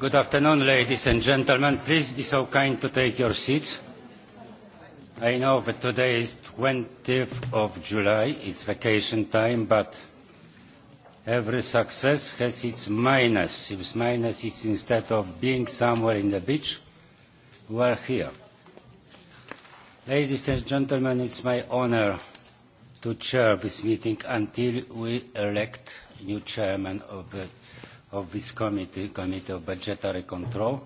Good afternoon, ladies and gentlemen. Please be so kind to take your seats. I know that today is 20th of July, it's vacation time, but every success has its minus. Its minus is instead of being somewhere in the beach, we are here. Ladies and gentlemen, it's my honor to chair this meeting until we elect new chairman of the of this committee, Committee of Budgetary Control.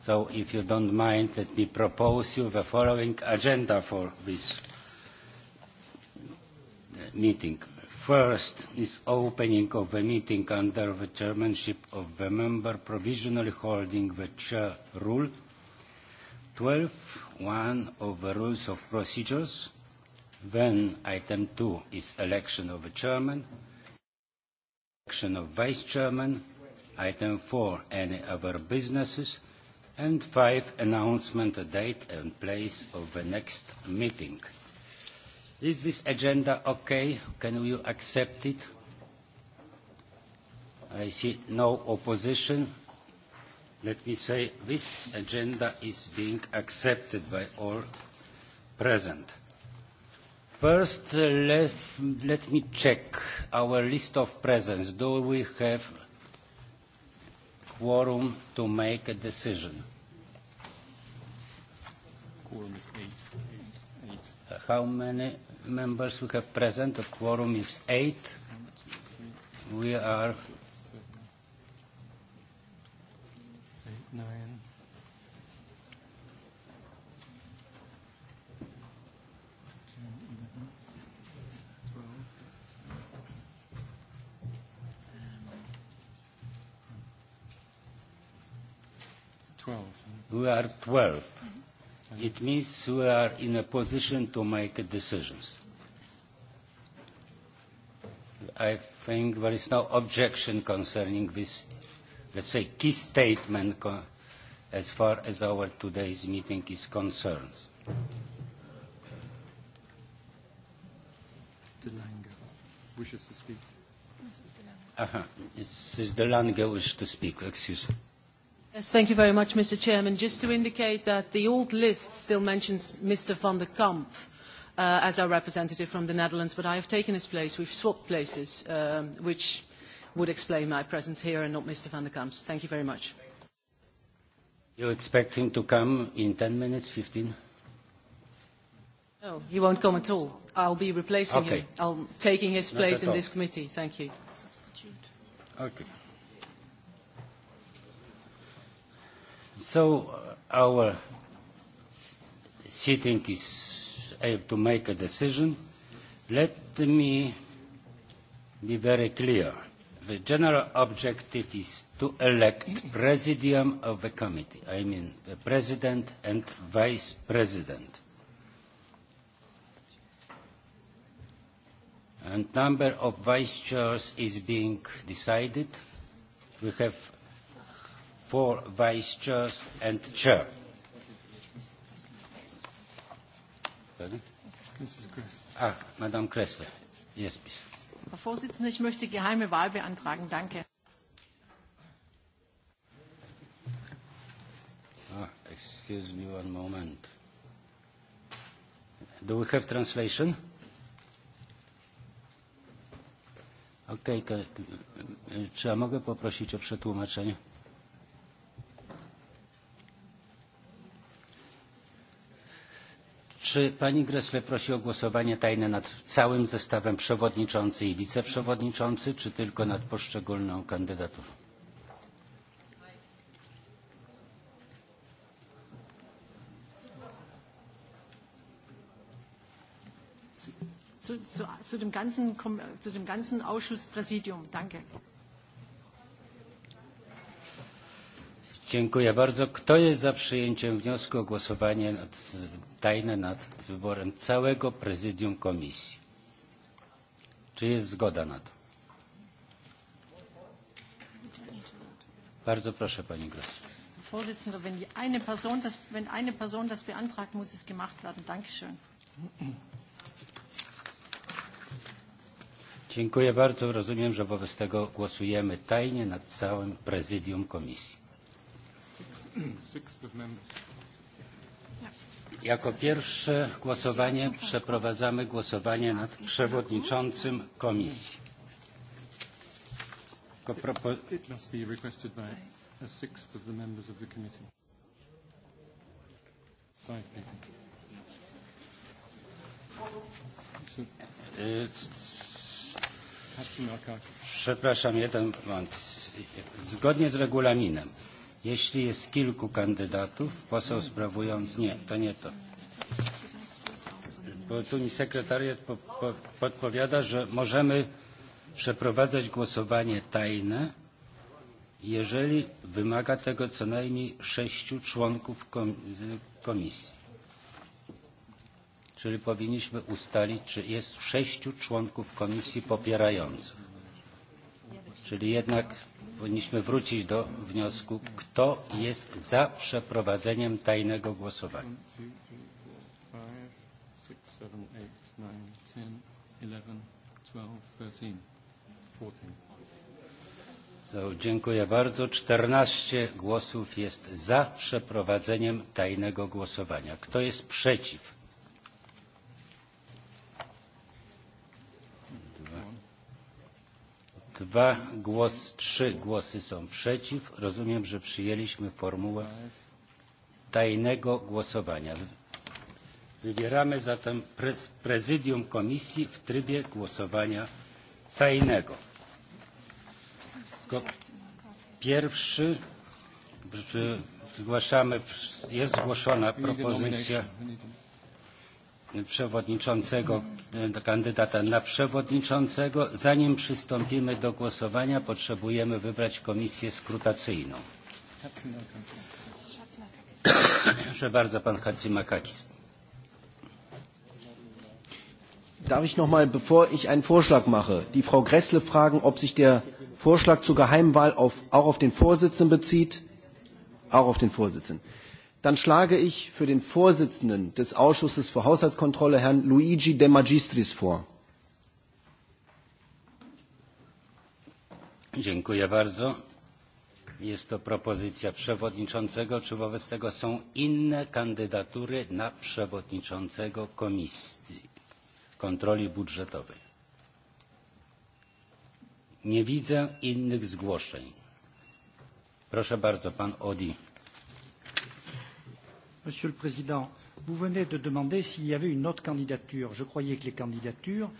So if you don't mind, let me propose you the following agenda for this uh, meeting. First is opening of the meeting under the chairmanship of the member provisionally holding the chair rule. 12, one of the rules of procedures. Then item two is election of the chairman action of Vice Chairman, item 4, any other businesses, and 5, announcement of date and place of the next meeting. Is this agenda okay? Can you accept it? I see no opposition. Let me say this agenda is being accepted by all present. First, uh, let, let me check our list of presence. Do we have quorum to make a decision? Quorum is eight. eight. Uh, how many members we have present? The quorum is eight. We are we are 12. It means we are in a position to make decisions. I think there is no objection concerning this, let's say, key statement as far as our today's meeting is concerned. wishes to speak. Mrs. De Lange, uh -huh. Mrs. De Lange wishes to speak, uh-huh. excuse me. Yes, thank you very much, Mr. Chairman. Just to indicate that the old list still mentions Mr. van der Kamp uh, as our representative from the Netherlands, but I have taken his place. We've swapped places, um, which would explain my presence here and not Mr. van der Kamp's. Thank you very much. You expect him to come in 10 minutes, 15? No, he won't come at all. I'll be replacing okay. him. I'm taking his place in all. this committee. Thank you. Substitute. Okay. So uh, our sitting is able to make a decision. Let me be very clear. The general objective is to elect presidium of the committee, I mean the president and vice president. And number of vice chairs is being decided. We have for vice chairs and chair. Ah, Madame Gressler. Yes, please. Herr Vorsitzender, ich möchte geheime Wahl beantragen. Danke. Ah, excuse me one moment. Do we have translation? okay, e, czy ja mogę poprosić o przetłumaczenie? Czy pani Gressle prosi o głosowanie tajne nad całym zestawem przewodniczący i wiceprzewodniczący, czy tylko nad poszczególną kandydaturą? Zu, zu, zu, dem ganzen, zu dem ganzen Ausschusspräsidium. Danke. Dziękuję bardzo. Kto jest za przyjęciem wniosku o głosowanie nad, tajne nad wyborem całego prezydium komisji? Czy jest zgoda na to? Bardzo proszę Pani Gross. Vorsitzender, wenn, die eine Person das, wenn eine Person das beantragt, muss es gemacht werden. Dankeschön. Dziękuję bardzo. Rozumiem, że wobec tego głosujemy tajnie nad całym prezydium komisji. Jako pierwsze głosowanie przeprowadzamy głosowanie nad przewodniczącym komisji. Przepraszam, jeden moment. Zgodnie z regulaminem Jeśli jest kilku kandydatów, poseł sprawujący... Nie, to nie to. Bo tu mi sekretariat po, po, podpowiada, że możemy przeprowadzać głosowanie tajne, jeżeli wymaga tego co najmniej sześciu członków komisji. Czyli powinniśmy ustalić, czy jest sześciu członków komisji popierających. Czyli jednak powinniśmy wrócić do wniosku, kto jest za przeprowadzeniem tajnego głosowania. So, dziękuję bardzo. 14 głosów jest za przeprowadzeniem tajnego głosowania. Kto jest przeciw? Dwa, głos, trzy głosy są przeciw. Rozumiem, że przyjęliśmy formułę tajnego głosowania. Wybieramy zatem prezydium komisji w trybie głosowania tajnego. pierwszy zgłaszamy, jest zgłoszona propozycja przewodniczącego, e, kandydata na przewodniczącego. Zanim przystąpimy do głosowania, potrzebujemy wybrać komisję skrutacyjną. Proszę bardzo, pan Hatzimakakis. Darf ich noch mal, bevor ich einen Vorschlag mache, die Frau Gressle fragen, ob sich der Vorschlag zur Geheimwahl auf, auch auf den Vorsitzenden bezieht? Auch auf den Vorsitzenden dann schlage ich für den Vorsitzenden des Ausschusses für Haushaltskontrolle, Herrn Luigi De Magistris, vor. Dziękuję bardzo. Jest to propozycja przewodniczącego. Czy wobec tego są inne kandydatury na przewodniczącego Komisji Kontroli Budżetowej? Nie widzę innych zgłoszeń. Proszę bardzo, pan Odi. Monsieur le Président, vous venez de demander s'il y avait une autre candidature. Je croyais que les candidatures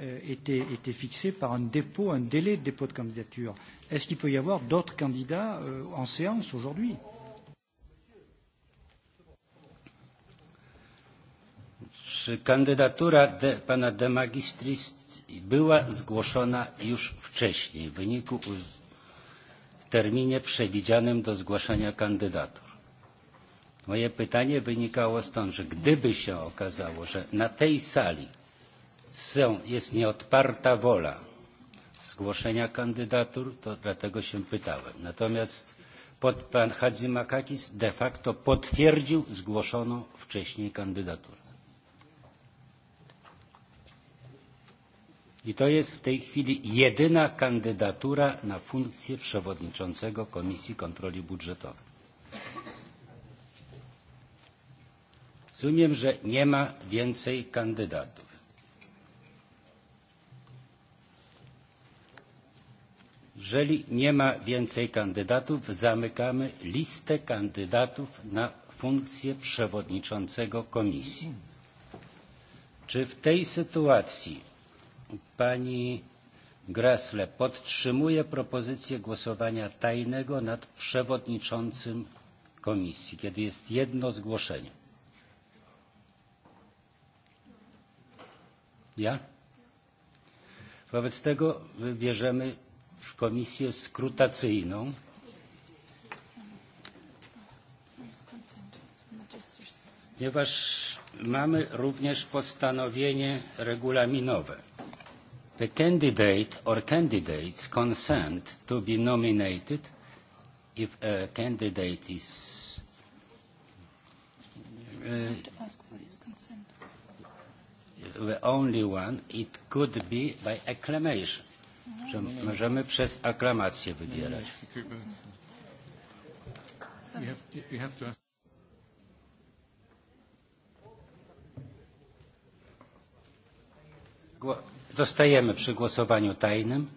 euh, étaient, étaient fixées par un dépôt, un délai de dépôt de candidature. Est-ce qu'il peut y avoir d'autres candidats euh, en séance aujourd'hui Czy kandydatura de, pana de magistris była zgłoszona już wcześniej w wyniku w terminie przewidzianym do zgłaszania kandydatów? Moje pytanie wynikało stąd, że gdyby się okazało, że na tej sali są, jest nieodparta wola zgłoszenia kandydatur, to dlatego się pytałem. Natomiast pod, pan Makakis de facto potwierdził zgłoszoną wcześniej kandydaturę. I to jest w tej chwili jedyna kandydatura na funkcję przewodniczącego Komisji Kontroli Budżetowej. Rozumiem, że nie ma więcej kandydatów. Jeżeli nie ma więcej kandydatów, zamykamy listę kandydatów na funkcję przewodniczącego komisji. Czy w tej sytuacji pani Grasle podtrzymuje propozycję głosowania tajnego nad przewodniczącym komisji, kiedy jest jedno zgłoszenie? Ja? Wobec tego wybierzemy komisję skrutacyjną. Ponieważ mamy również postanowienie regulaminowe. The candidate or candidates consent to be nominated if a candidate is... Uh, the only one, it could be by acclamation. Że możemy przez aklamację wybierać. Dostajemy przy głosowaniu tajnym.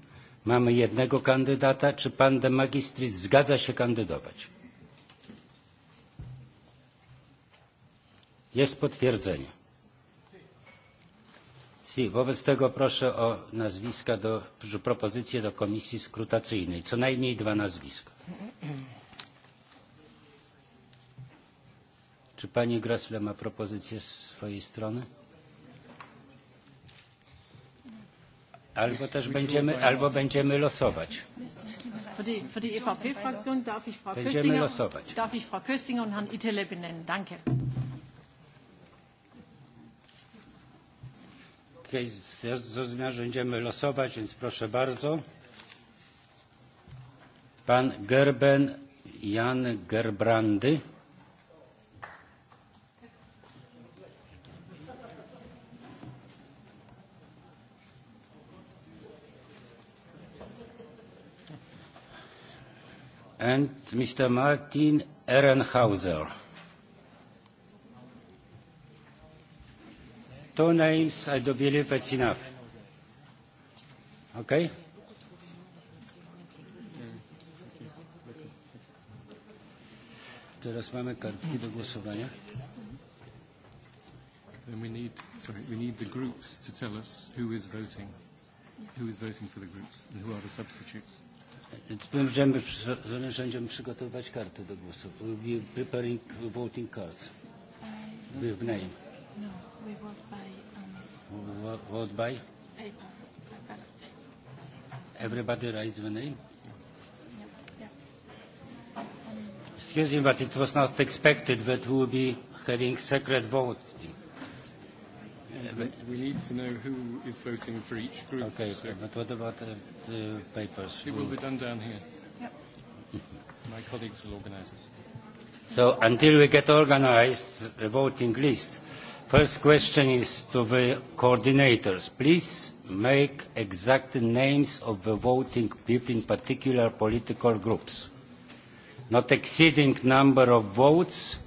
Mamy jednego kandydata. Czy pan de magistris zgadza się kandydować? Jest potwierdzenie. Si, wobec tego proszę o nazwiska, do, propozycje do komisji skrutacyjnej. Co najmniej dwa nazwiska. Czy pani Gressle ma propozycję z swojej strony? Albo też będziemy, albo będziemy losować. E będziemy losować. darf ich Frau Köstinger und Herrn Itele benennen. Danke. zrozumiałem, że będziemy losować, więc proszę bardzo. Pan Gerben Jan Gerbrandy. And Mr. Martin Ehrenhauser. two names, I do believe it's enough. Okay? Teraz mamy kartki do głosowania. Then we need, sorry, we need the groups to tell us who is voting, Yes. who is voting for the groups and who are the substitutes. Będziemy, będziemy przygotowywać karty do głosu. We'll be preparing voting cards with name. No, we vote by... Um, vote, vote by? Paper. Everybody writes the name? Yeah, yeah. Um, Excuse me, but it was not expected that we will be having secret votes. Uh, we need to know who is voting for each group. Okay, so. but what about uh, the papers? It will be done down here. Yep. My colleagues will organize it. So until we get organized, a voting list, First question is to the coordinators. Please make exact names of the voting people in particular political groups, not exceeding number of votes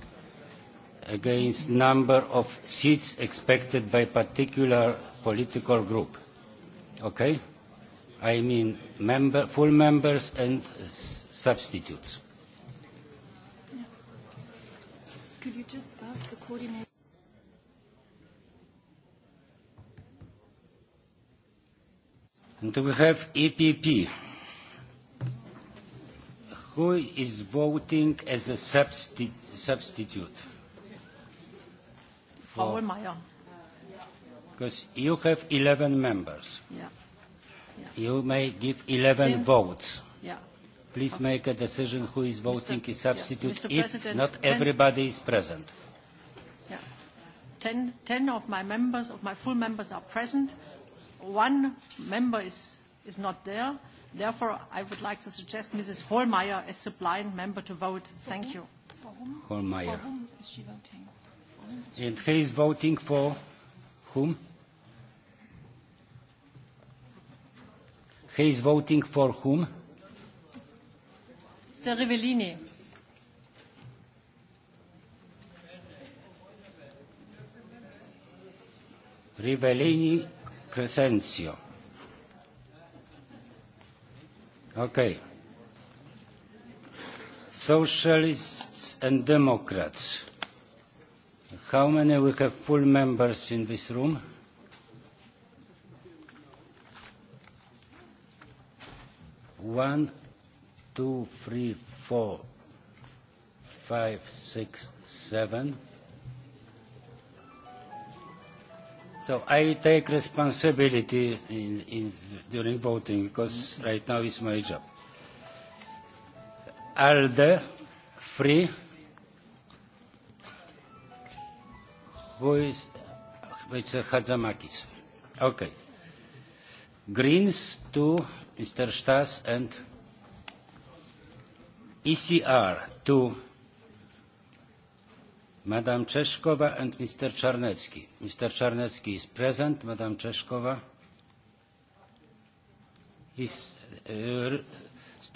against number of seats expected by particular political group. Okay? I mean member, full members and substitutes. Could you just ask the coordinator? Do we have EPP? Who is voting as a substi substitute? For Paul Meyer. Because you have 11 members. Yeah. yeah. You may give 11 Same. votes. Yeah. Please okay. make a decision who is voting Mr. a substitute yeah. Mr. if not Ten. everybody is present. Yeah. Ten, ten of my members, of my full members are present one member is, is not there. Therefore, I would like to suggest Mrs. Holmeyer as supplying member to vote. Thank you. Holmeyer. For whom is she voting? And he is voting for whom? He is voting for whom? Mr. Rivellini. Rivellini Crescenzio. Okay. Socialists and Democrats. How many we have full members in this room? One, two, three, four, five, six, seven So I take responsibility in, in, during voting because right now it's my job. Alde free? Who is Mr. Hadzamakis? Okay. Greens to Mr. Stas and ECR to Madam Czeszkova and Mr. Czarnecki. Mr. Czarnecki is present. Madam Czeszkova is uh,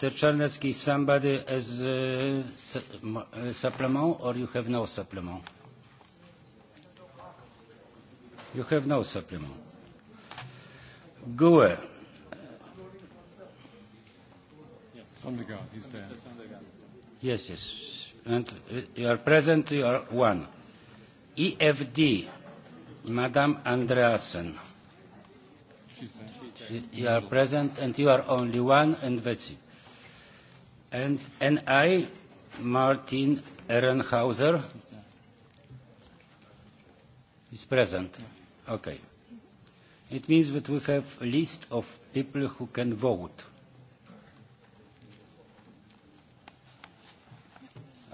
Mr. Czarnecki is somebody as uh, uh, supplement or you have no supplement? You have no supplement. GUE. Sandegaard, he's there. Yes, yes and uh, you are present, you are one. EFD, Madame Andreasen. You are present and you are only one, and that's it. And NI, Martin Ehrenhauser. Is present. Okay. It means that we have a list of people who can vote.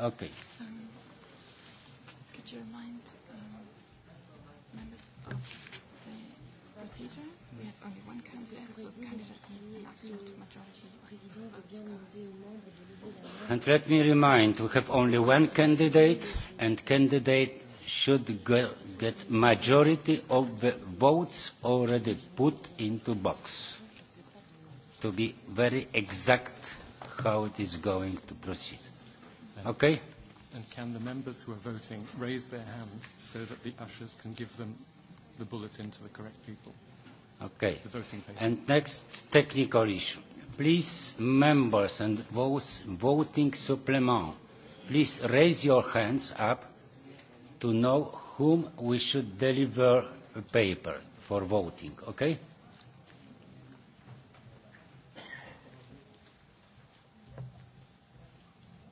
Okay. Um, could you remind um, members of the procedure? We have only one candidate, so the candidate needs an absolute majority of And let me remind, we have only one candidate, and candidate should get majority of the votes already put into box to be very exact how it is going to proceed. Okay. And can the members who are voting raise their hand so that the ushers can give them the bulletin to the correct people? Okay. The voting paper. And next technical issue. Please, members and those voting supplement, please raise your hands up to know whom we should deliver a paper for voting, okay?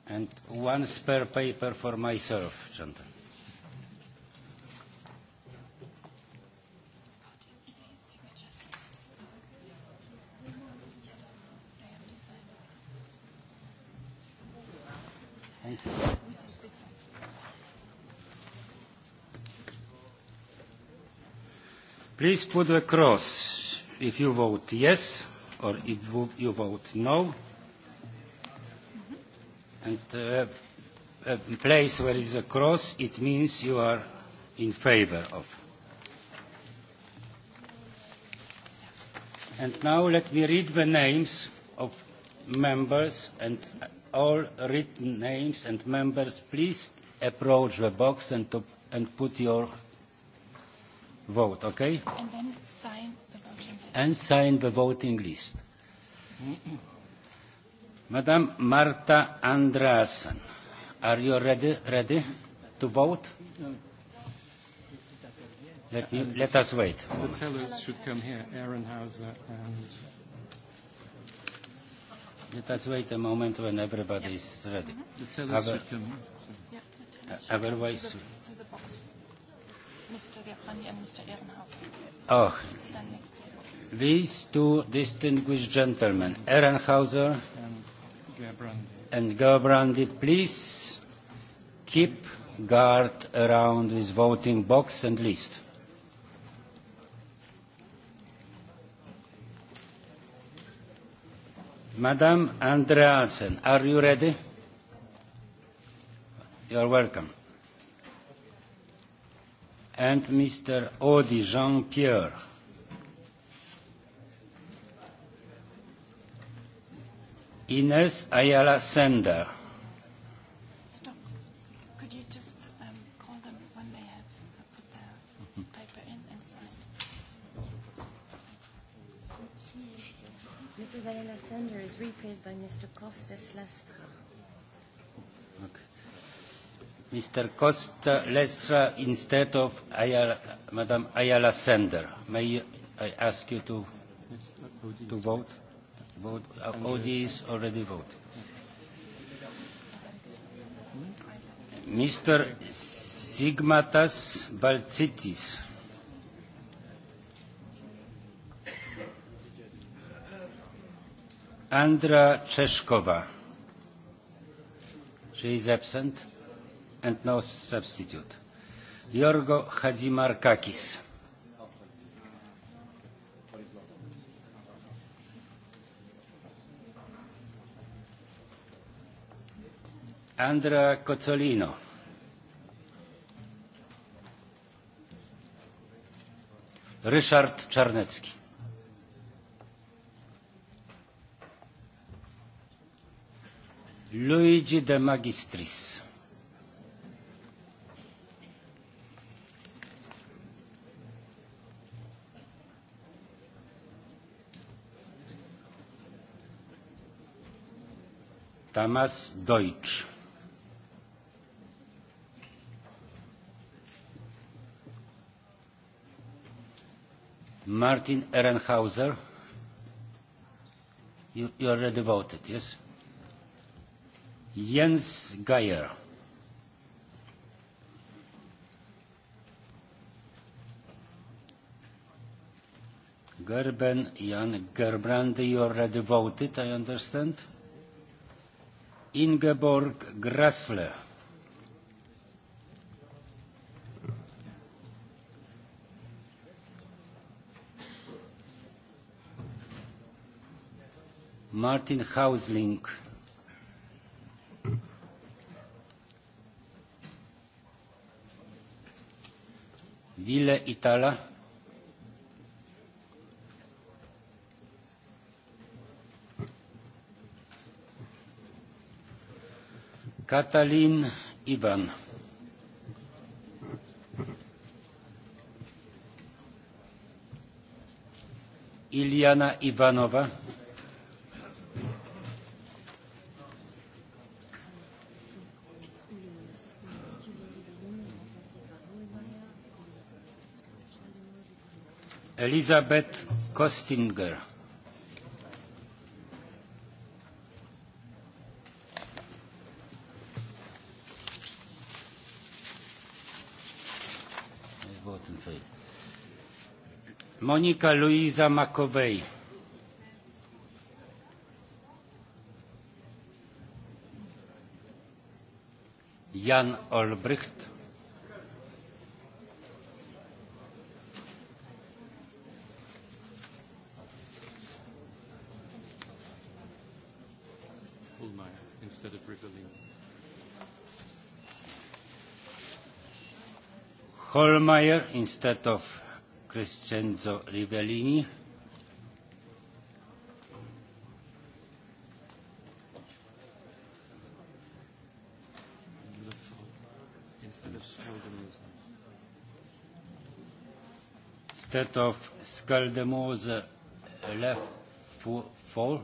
and one spare paper for myself, gentlemen. Please put a cross if you vote yes or if you vote no and uh, a place where is a cross, it means you are in favor of. And now let me read the names of members and all written names and members, please approach the box and, to, and put your vote, okay? And then sign the voting list. And sign the voting list. Mm -mm. Madam Marta Andrasen, are you ready, ready to vote? Let, me, let us wait. The tellers should come here, Aaron Hauser and... Let us wait a moment when everybody yeah. is ready. The tellers Other, should come Yeah, the tellers Otherwise... To the, to the box. Mr. and Mr. Ehrenhauser. Oh. These two distinguished gentlemen, Ehrenhauser And Gerbrandi, please keep guard around this voting box and list. Madam Andreasen, are you ready? You're welcome. And Mr. Audi Jean-Pierre. Ines Ayala Sender. Stop. Could you just um, call them when they have put their paper in and signed? Mrs. Ayala Sender is replaced by Mr. Mr. Costa Lestra instead of Ayala, Madam Ayala Sender. May I ask you to, to vote? vote, uh, already vote. Mr. Sigmatas Balcitis. Andra Czeszkova. She is absent and no substitute. Yorgo Hadzimarkakis. Andra Cozzolino. Ryszard Czarnecki. Luigi de Magistris. Tamas Deutsch. Martin Ehrenhauser. You, you already voted, yes? Jens Geyer. Gerben Jan Gerbrand, you already voted, I understand. Ingeborg Grassler. Martin Hausling. Ville Itala. Katalin Ivan. Iliana Ivanova. Elizabeth Kostinger. Monika Luisa Makowej. Jan Olbricht. Holmeyer instead of Crescenzo Rivellini. Instead of Scaldemose uh, left fall.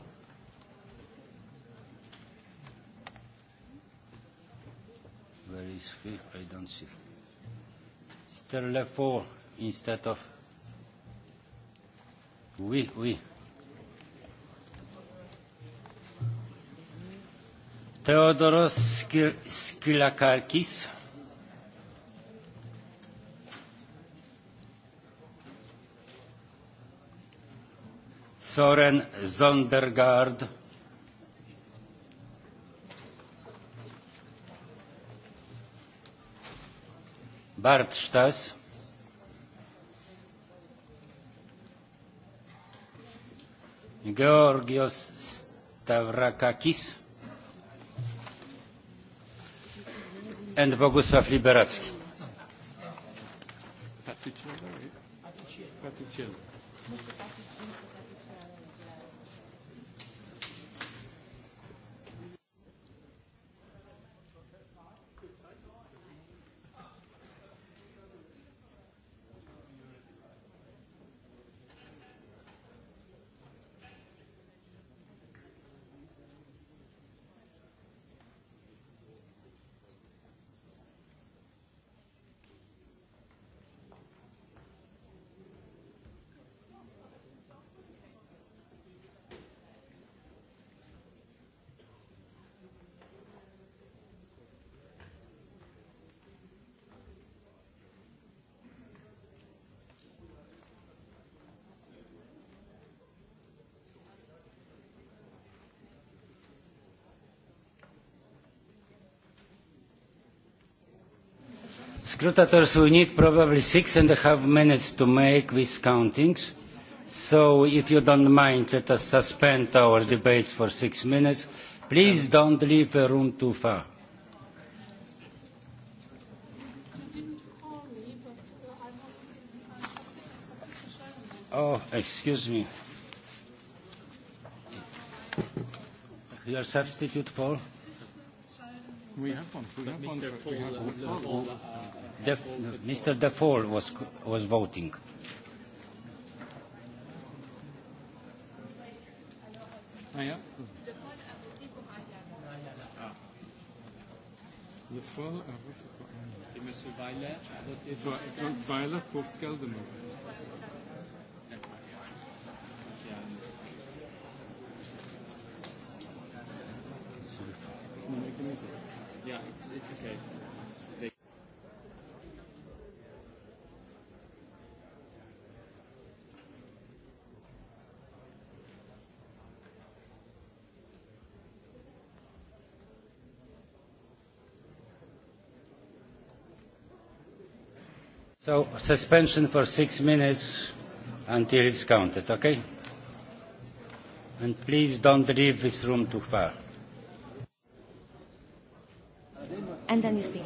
Where is he? I don't see. Mr. Lefort instead of... Oui, oui. Theodoros Skil Skilakakis. Soren Zondergaard. Bart Stas. Georgios Stavrakakis and Bogusław Liberacki. scrutators, we need probably six and a half minutes to make these countings. So if you don't mind, let us suspend our debates for six minutes. Please um, don't leave the room too far. Oh, excuse me. Your substitute, Paul? We have one. We have one. Paul, we have one. Def, Mr. Defoe was, was voting. Ah, ah, yeah, it's, it's okay. So, suspension for six minutes until it's counted, okay? And please don't leave this room too far. And then you speak.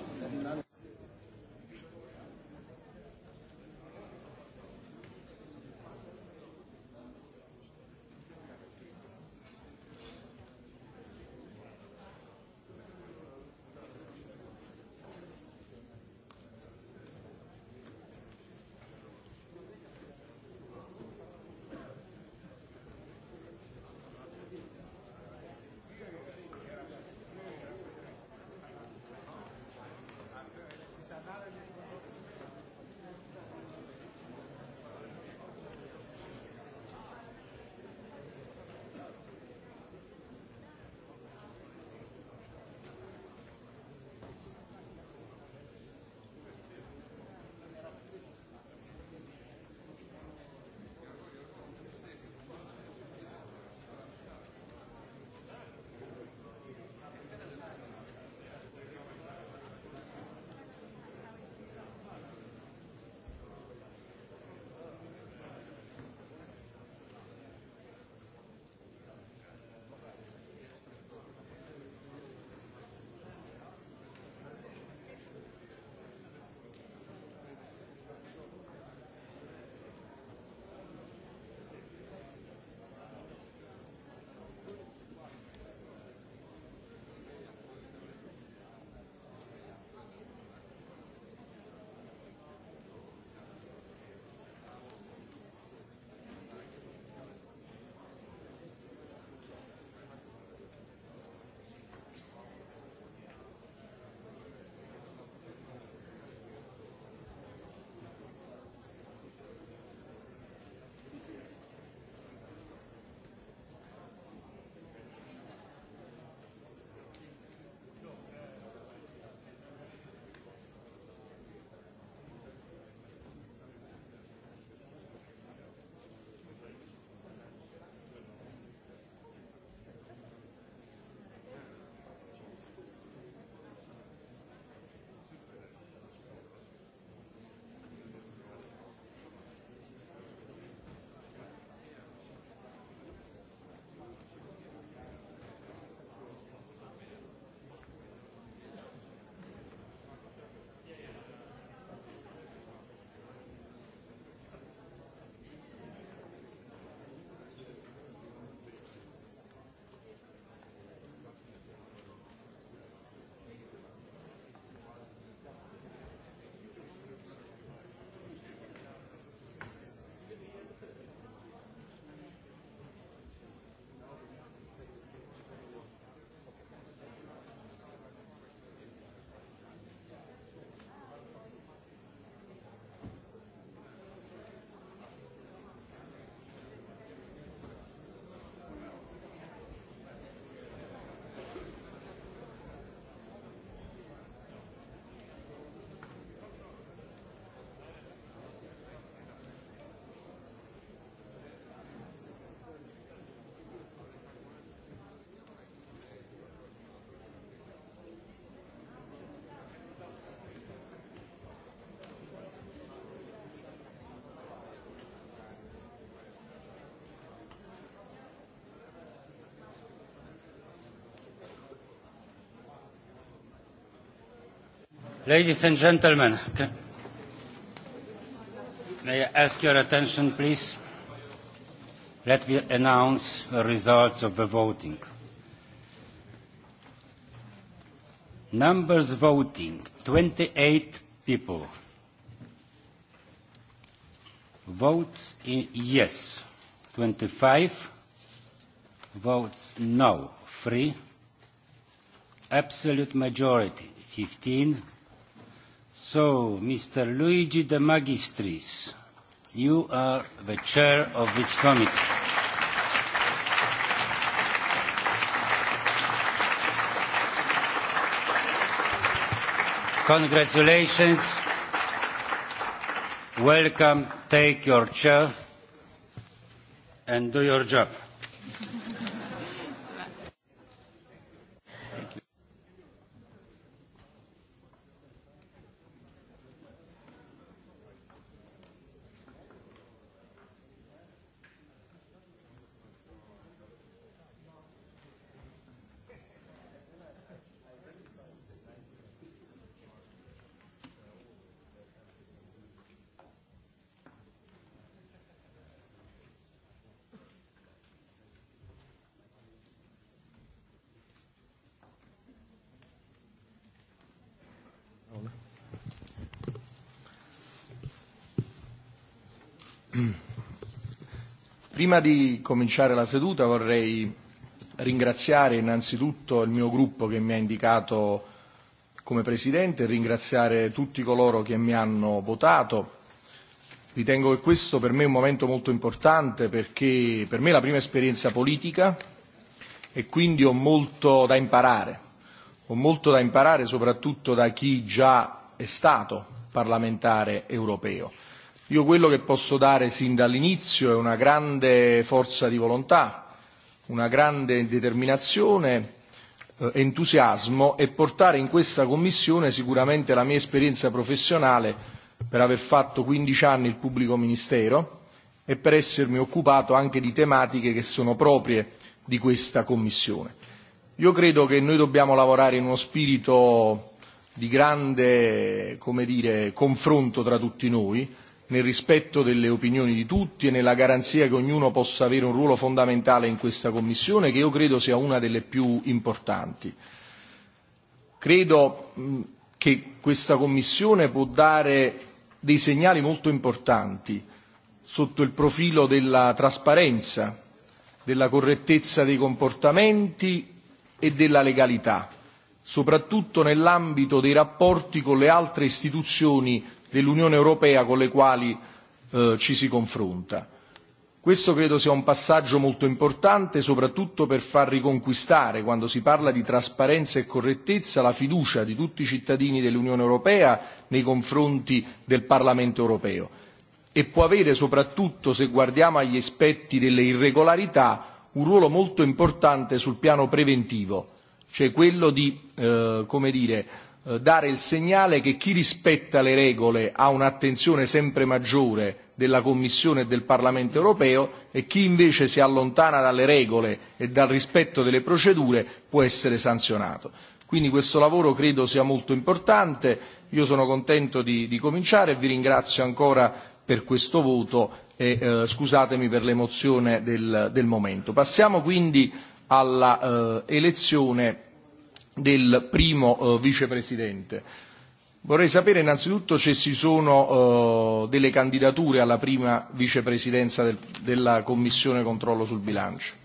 Ladies and gentlemen, can, may I ask your attention, please? Let me announce the results of the voting. Numbers voting, 28 people. Votes in yes, 25. Votes no, 3. Absolute majority, 15 So, Mr. Luigi De Magistris, you are the chair of this committee. Congratulations. Welcome. Take your chair and do your job. prima di cominciare la seduta vorrei ringraziare innanzitutto il mio gruppo che mi ha indicato come Presidente e ringraziare tutti coloro che mi hanno votato. Ritengo che questo per me è un momento molto importante perché per me è la prima esperienza politica e quindi ho molto da imparare. Ho molto da imparare soprattutto da chi già è stato parlamentare europeo. Io quello che posso dare sin dall'inizio è una grande forza di volontà, una grande determinazione, eh, entusiasmo e portare in questa Commissione sicuramente la mia esperienza professionale per aver fatto 15 anni il pubblico ministero e per essermi occupato anche di tematiche che sono proprie di questa Commissione. Io credo che noi dobbiamo lavorare in uno spirito di grande come dire, confronto tra tutti noi, nel rispetto delle opinioni di tutti e nella garanzia che ognuno possa avere un ruolo fondamentale in questa Commissione, che io credo sia una delle più importanti. Credo che questa Commissione può dare dei segnali molto importanti sotto il profilo della trasparenza, della correttezza dei comportamenti e della legalità, soprattutto nell'ambito dei rapporti con le altre istituzioni dell'Unione Europea con le quali eh, ci si confronta. Questo credo sia un passaggio molto importante, soprattutto per far riconquistare, quando si parla di trasparenza e correttezza, la fiducia di tutti i cittadini dell'Unione Europea nei confronti del Parlamento Europeo e può avere, soprattutto se guardiamo agli aspetti delle irregolarità, un ruolo molto importante sul piano preventivo, cioè quello di eh, come dire, Eh, dare il segnale che chi rispetta le regole ha un'attenzione sempre maggiore della Commissione e del Parlamento europeo e chi invece si allontana dalle regole e dal rispetto delle procedure può essere sanzionato. Quindi questo lavoro credo sia molto importante, io sono contento di, di cominciare e vi ringrazio ancora per questo voto e eh, scusatemi per l'emozione del, del momento. Passiamo quindi alla eh, elezione del primo eh, vicepresidente. Vorrei sapere innanzitutto se ci sono eh, delle candidature alla prima vicepresidenza del, della Commissione Controllo sul Bilancio.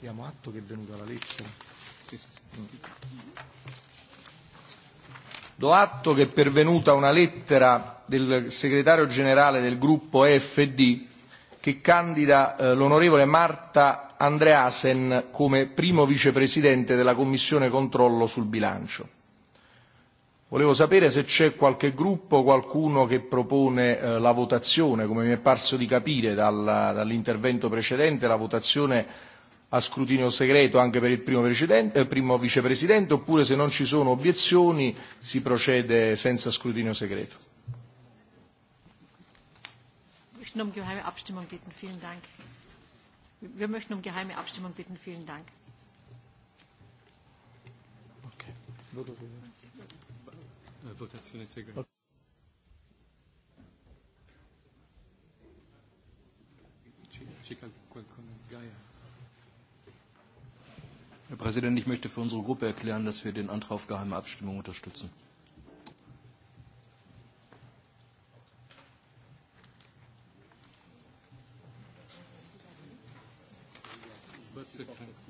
Diamo atto che è venuta la lettera. Sì, sì, mm. Do atto che è pervenuta una lettera del segretario generale del gruppo EFD che candida eh, l'onorevole Marta Andreasen come primo vicepresidente della Commissione controllo sul bilancio. Volevo sapere se c'è qualche gruppo, qualcuno che propone eh, la votazione, come mi è parso di capire dal, dall'intervento precedente, la votazione a scrutinio segreto anche per il primo, il eh, primo vicepresidente, oppure se non ci sono obiezioni si procede senza scrutinio segreto möchten um geheime Abstimmung bitten. Vielen Dank. Wir möchten um geheime Abstimmung bitten. Vielen Dank. Okay. Äh, Herr Präsident, ich möchte für unsere Gruppe erklären, dass wir den Antrag auf geheime Abstimmung unterstützen.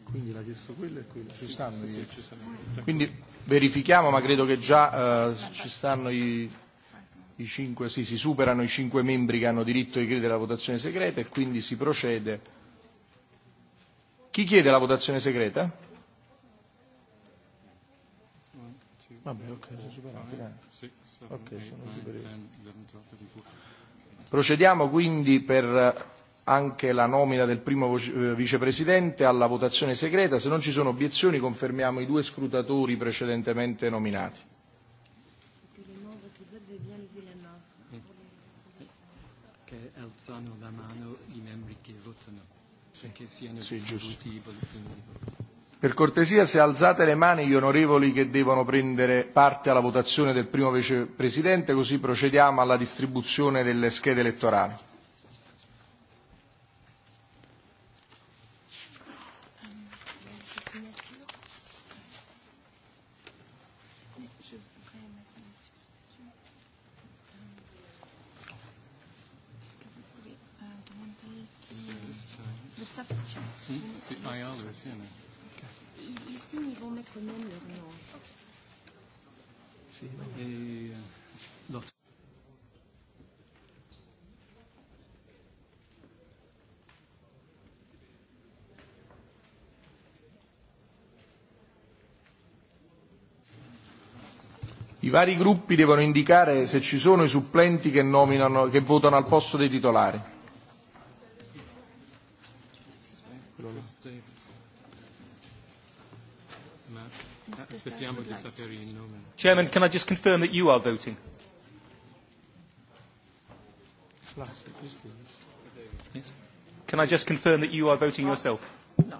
Quindi l'ha chiesto quello e quello. Ci stanno Quindi verifichiamo, ma credo che già uh, ci stanno i, i cinque, sì, si superano i cinque membri che hanno diritto di chiedere la votazione segreta e quindi si procede. Chi chiede la votazione segreta? Vabbè, ok, sono superato, Ok, sono Procediamo quindi per anche la nomina del primo eh, vicepresidente alla votazione segreta. Se non ci sono obiezioni confermiamo i due scrutatori precedentemente nominati. alzano la mano i membri che votano, siano sì, Per cortesia, se alzate le mani gli onorevoli che devono prendere parte alla votazione del primo vicepresidente, così procediamo alla distribuzione delle schede elettorali. E, eh, I vari gruppi devono indicare se ci sono i supplenti che, nominano, che votano al posto dei titolari. Chairman, can I just confirm that you are voting? Can I just confirm that you are voting yourself? No.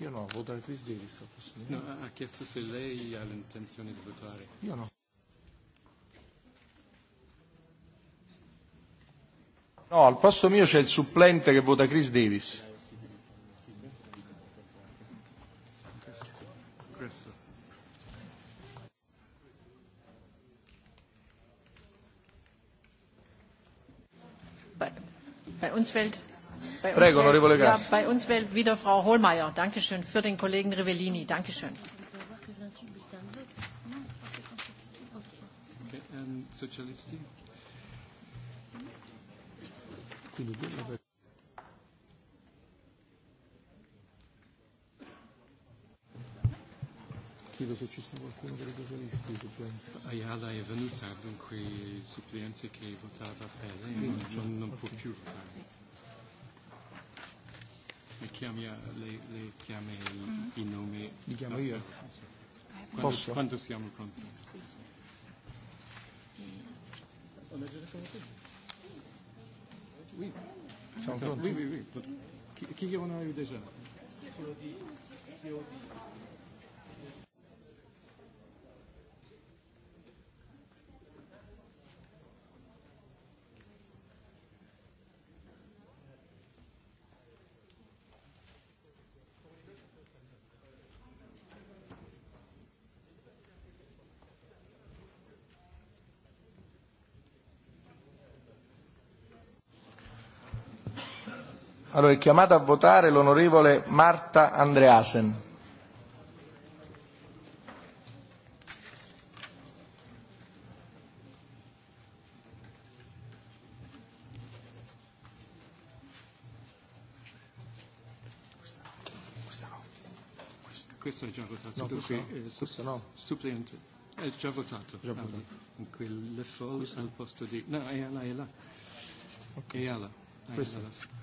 Io no, No, ha chiesto se lei ha l'intenzione di votare. Io no. No, al posto mio c'è il supplente che vota Chris Davis. Bei uns fällt, bei Prego, uns fällt, ja, bei uns fällt wieder Frau Hohlmeier. Dankeschön für den Kollegen Rivellini. Dankeschön. Okay, um, Sozialisti. Chiedo se ci sia qualcuno dei socialisti supplenti. Ayala è venuta, dunque il suppliente che votava per lei non, non, non okay. può più votare. Le chiami, le, le chiami mm. i nomi. Li chiamo io? Quando, Posso? Quando siamo pronti? Sì, sì. Oui. Siamo pronti? Oui, oui, oui. Qui, qui on a eu déjà? Sur le dit, sur le dit. Allora è chiamata a votare l'onorevole Marta Andreasen. Questo è già votato, no, questo, eh, questo no. Supplente. È già votato. Già votato. Ah, quel, le folle al posto di... No, è là, è là. Okay. È là. questo. È là.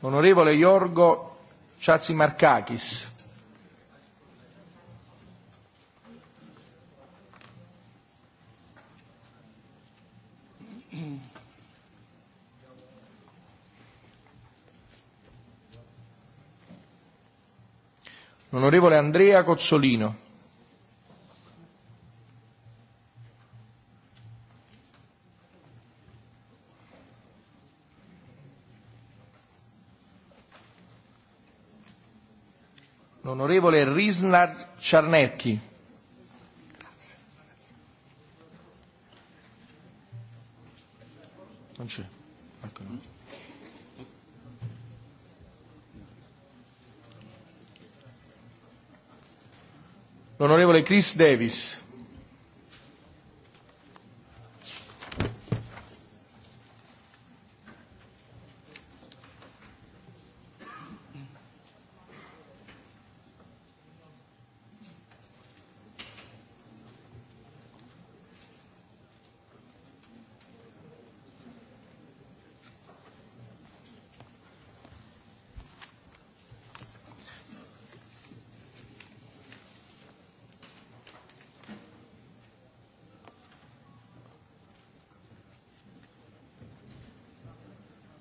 Onorevole Iorgo Marcakis, onorevole Andrea Cozzolino. l'onorevole Riznar Czarnecki. Non c'è. Ecco. L'onorevole Chris Davis.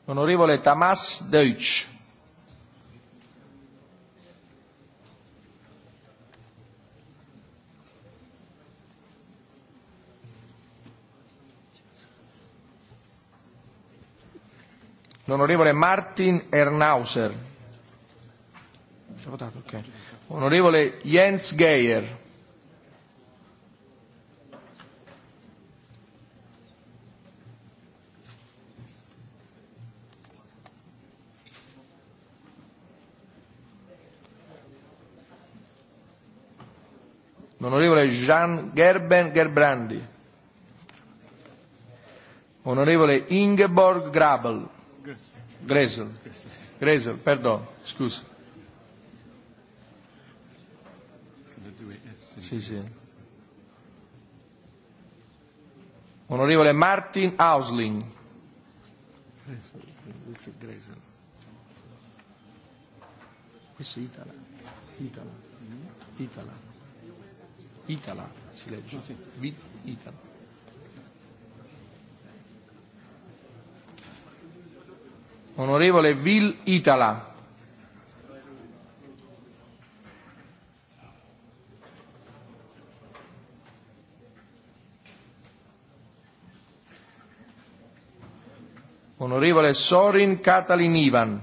Onorevole Tamas Deutsch. L'onorevole Martin Ernauser. Onorevole Jens Geier. Jean Gerben Gerbrandi. Onorevole Ingeborg Grabel. Gresel. Gresel, perdono, scusa. Sì, sì. Onorevole Martin Ausling. Questo è Italia. Italia. è Itala, si legge. Ah, Vid Itala. Onorevole Vil Itala. Onorevole Sorin Katalin Ivan.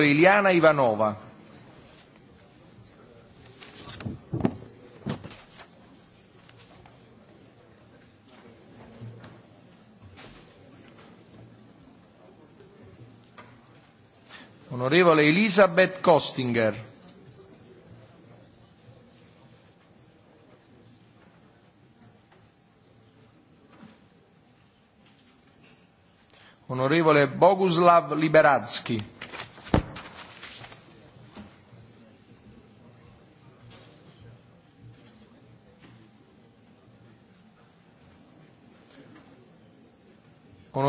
onorevole Iliana Ivanova. Onorevole Elisabeth Kostinger. Onorevole Boguslav Liberadski.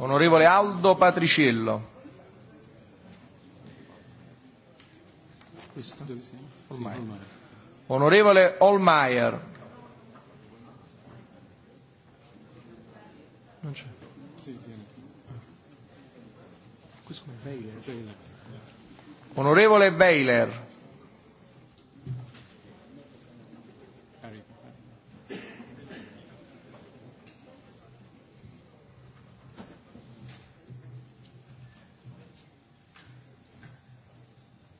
Onorevole Aldo Patriciello. Questo? Onorevole Olmaier. Non c'è. Onorevole Beiler.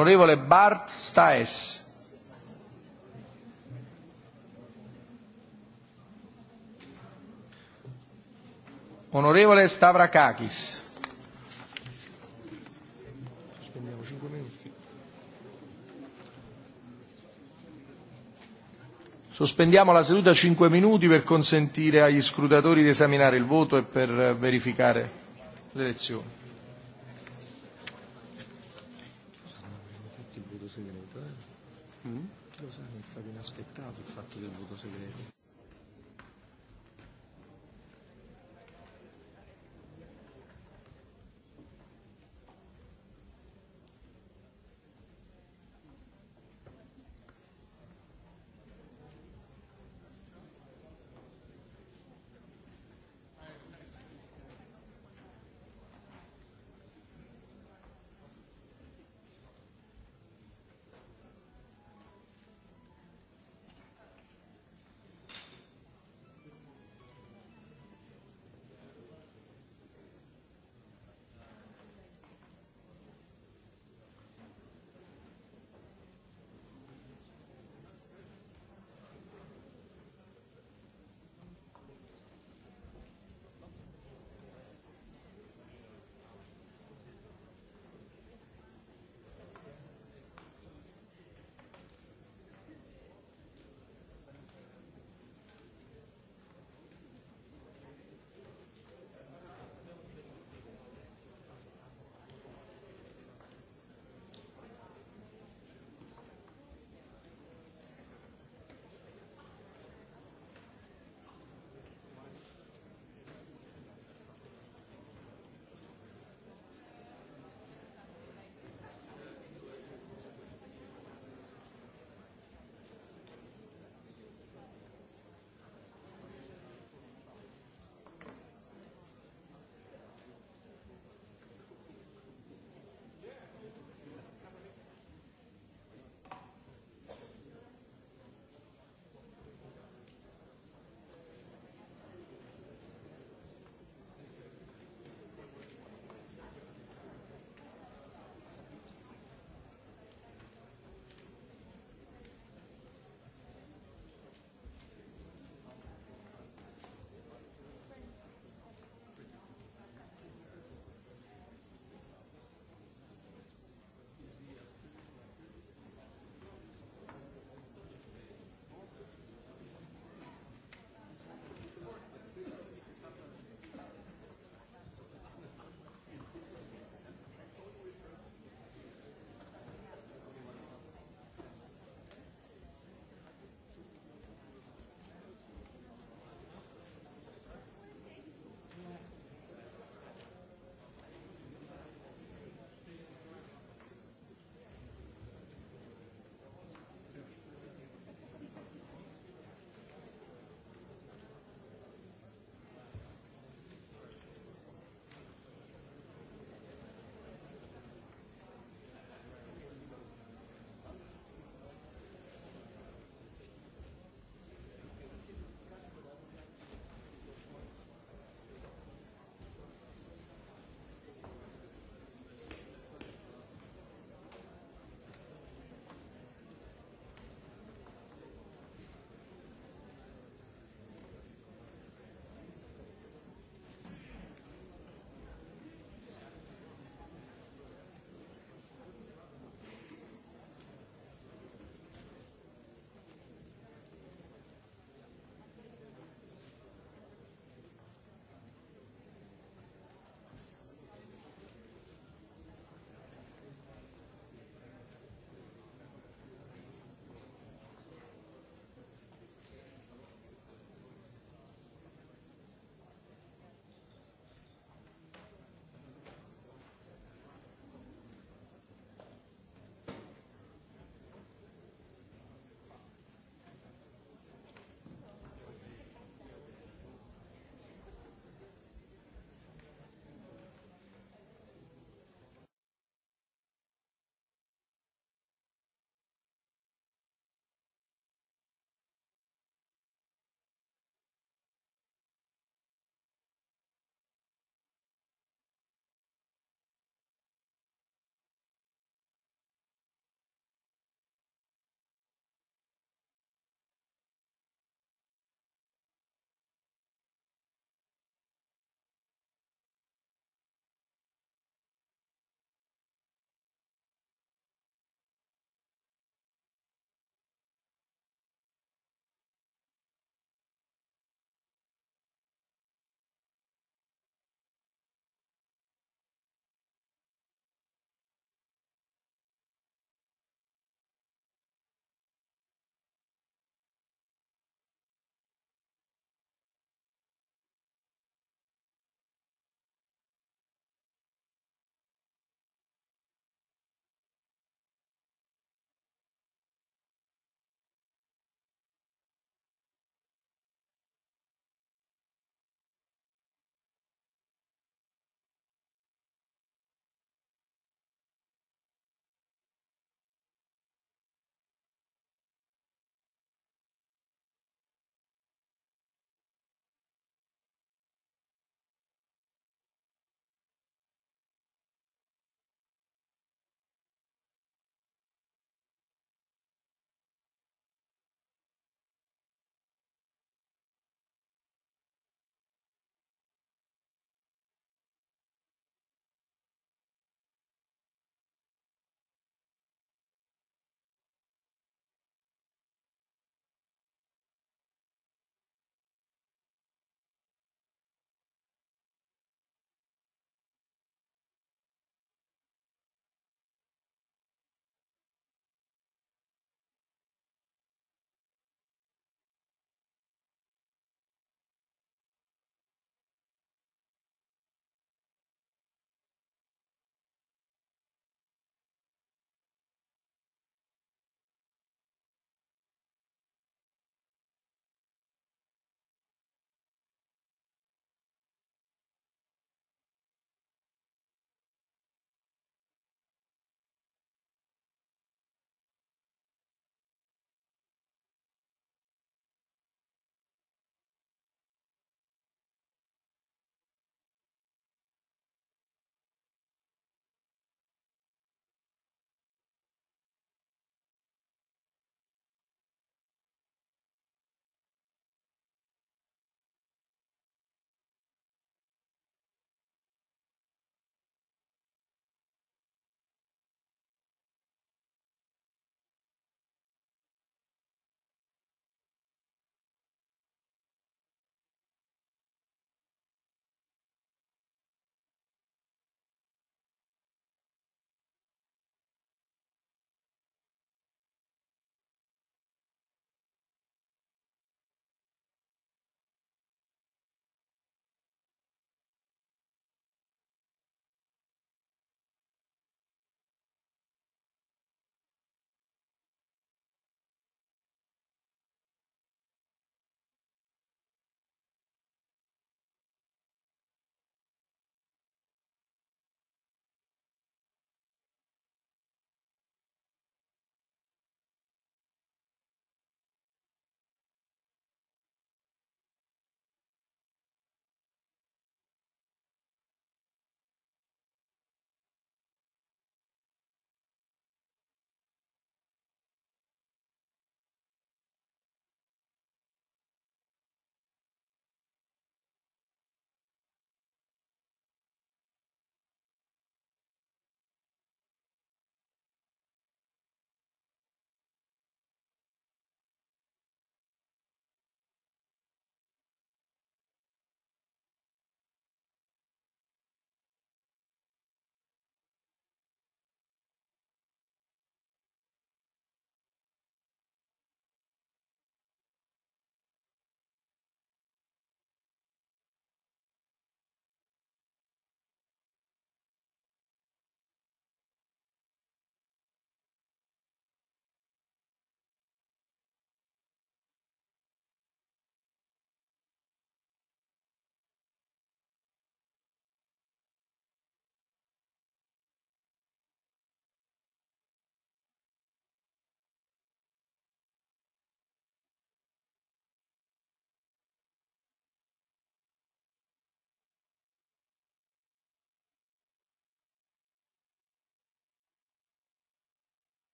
Onorevole Bart Staes. Onorevole Stavrakakis. Sospendiamo la seduta 5 minuti per consentire agli scrutatori di esaminare il voto e per verificare l'elezione.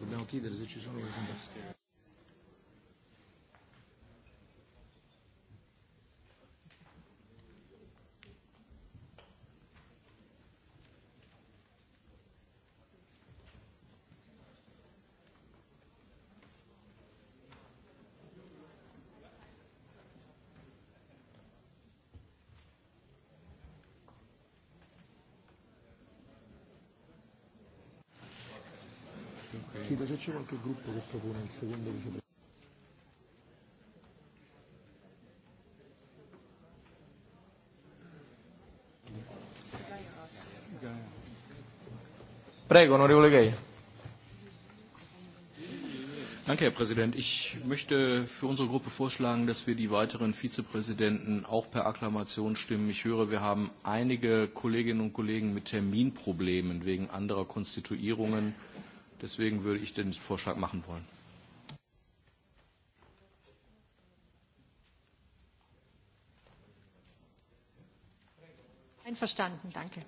Dobbiamo chiedere se ci sono presentazioni. Chiedo se c'è qualche gruppo che propone il secondo vicepresidente. Prego, onorevole Gay. Danke, Herr Präsident. Ich möchte für unsere Gruppe vorschlagen, dass wir die weiteren Vizepräsidenten auch per Akklamation stimmen. Ich höre, wir haben einige Kolleginnen und Kollegen mit Terminproblemen wegen anderer Konstituierungen. Ja Deswegen würde ich den Vorschlag machen wollen. Einverstanden, danke.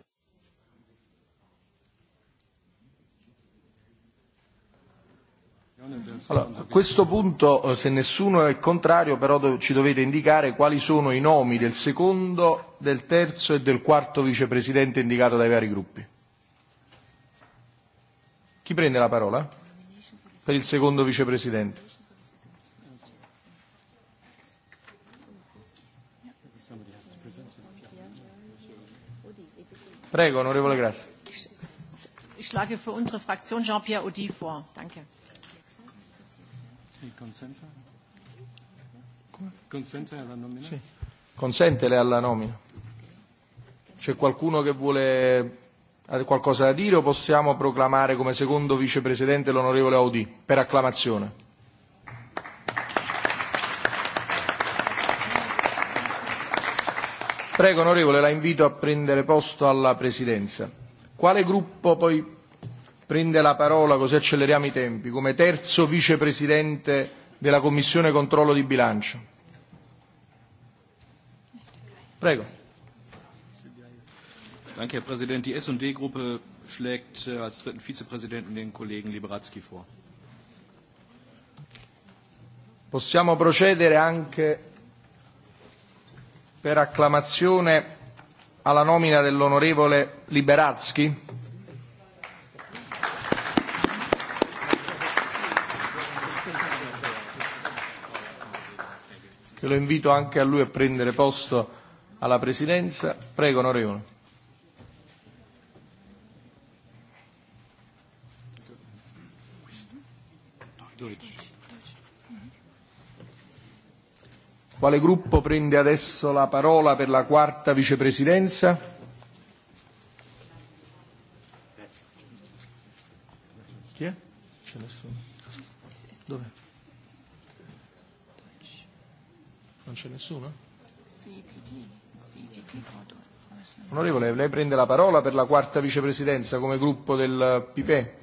Allora, a questo punto, eh, se nessuno è contrario, però ci dovete indicare quali sono i nomi del secondo, del terzo e del quarto vicepresidente indicato dai vari gruppi. Chi prende la parola? Per il secondo vicepresidente. Prego, onorevole Grazie. Ich schlage für unsere Fraktion Jean-Pierre Audi vor. Danke. Consente alla nomina? Sì. alla nomina. C'è qualcuno che vuole qualcosa da dire o possiamo proclamare come secondo vicepresidente l'onorevole Audi per acclamazione? Prego onorevole, la invito a prendere posto alla presidenza. Quale gruppo poi prende la parola così acceleriamo i tempi come terzo vicepresidente della Commissione Controllo di Bilancio? Prego. Danke, Herr Präsident. Die S&D-Gruppe schlägt äh, als dritten Vizepräsidenten den Kollegen Liberatzki vor. Possiamo procedere anche per acclamazione alla nomina dell'onorevole Liberazzi. Che lo invito anche a lui a prendere posto alla Presidenza. Prego, onorevole. Quale gruppo prende adesso la parola per la quarta vicepresidenza? Chi è? C'è nessuno. Dov'è? Non c'è nessuno? Onorevole, lei prende la parola per la quarta vicepresidenza come gruppo del PIPE?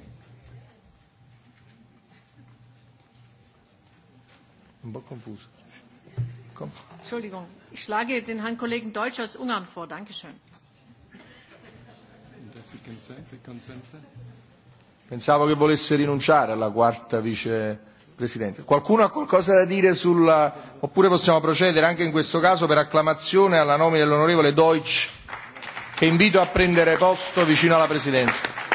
Un po' Komm. Entschuldigung, ich schlage den Herrn Kollegen Deutsch aus Ungarn vor. Dankeschön. Pensavo che volesse rinunciare alla quarta vicepresidenza. Qualcuno ha qualcosa da dire sulla... oppure possiamo procedere anche in questo caso per acclamazione alla nomina dell'onorevole Deutsch che invito a prendere posto vicino alla presidenza.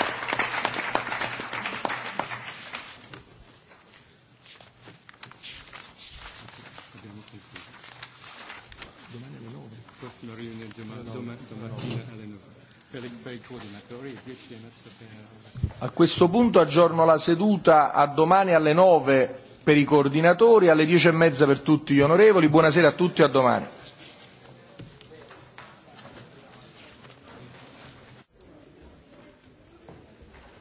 A questo punto aggiorno la seduta a domani alle 9 per i coordinatori, alle 10 e mezza per tutti gli onorevoli. Buonasera a tutti e a domani.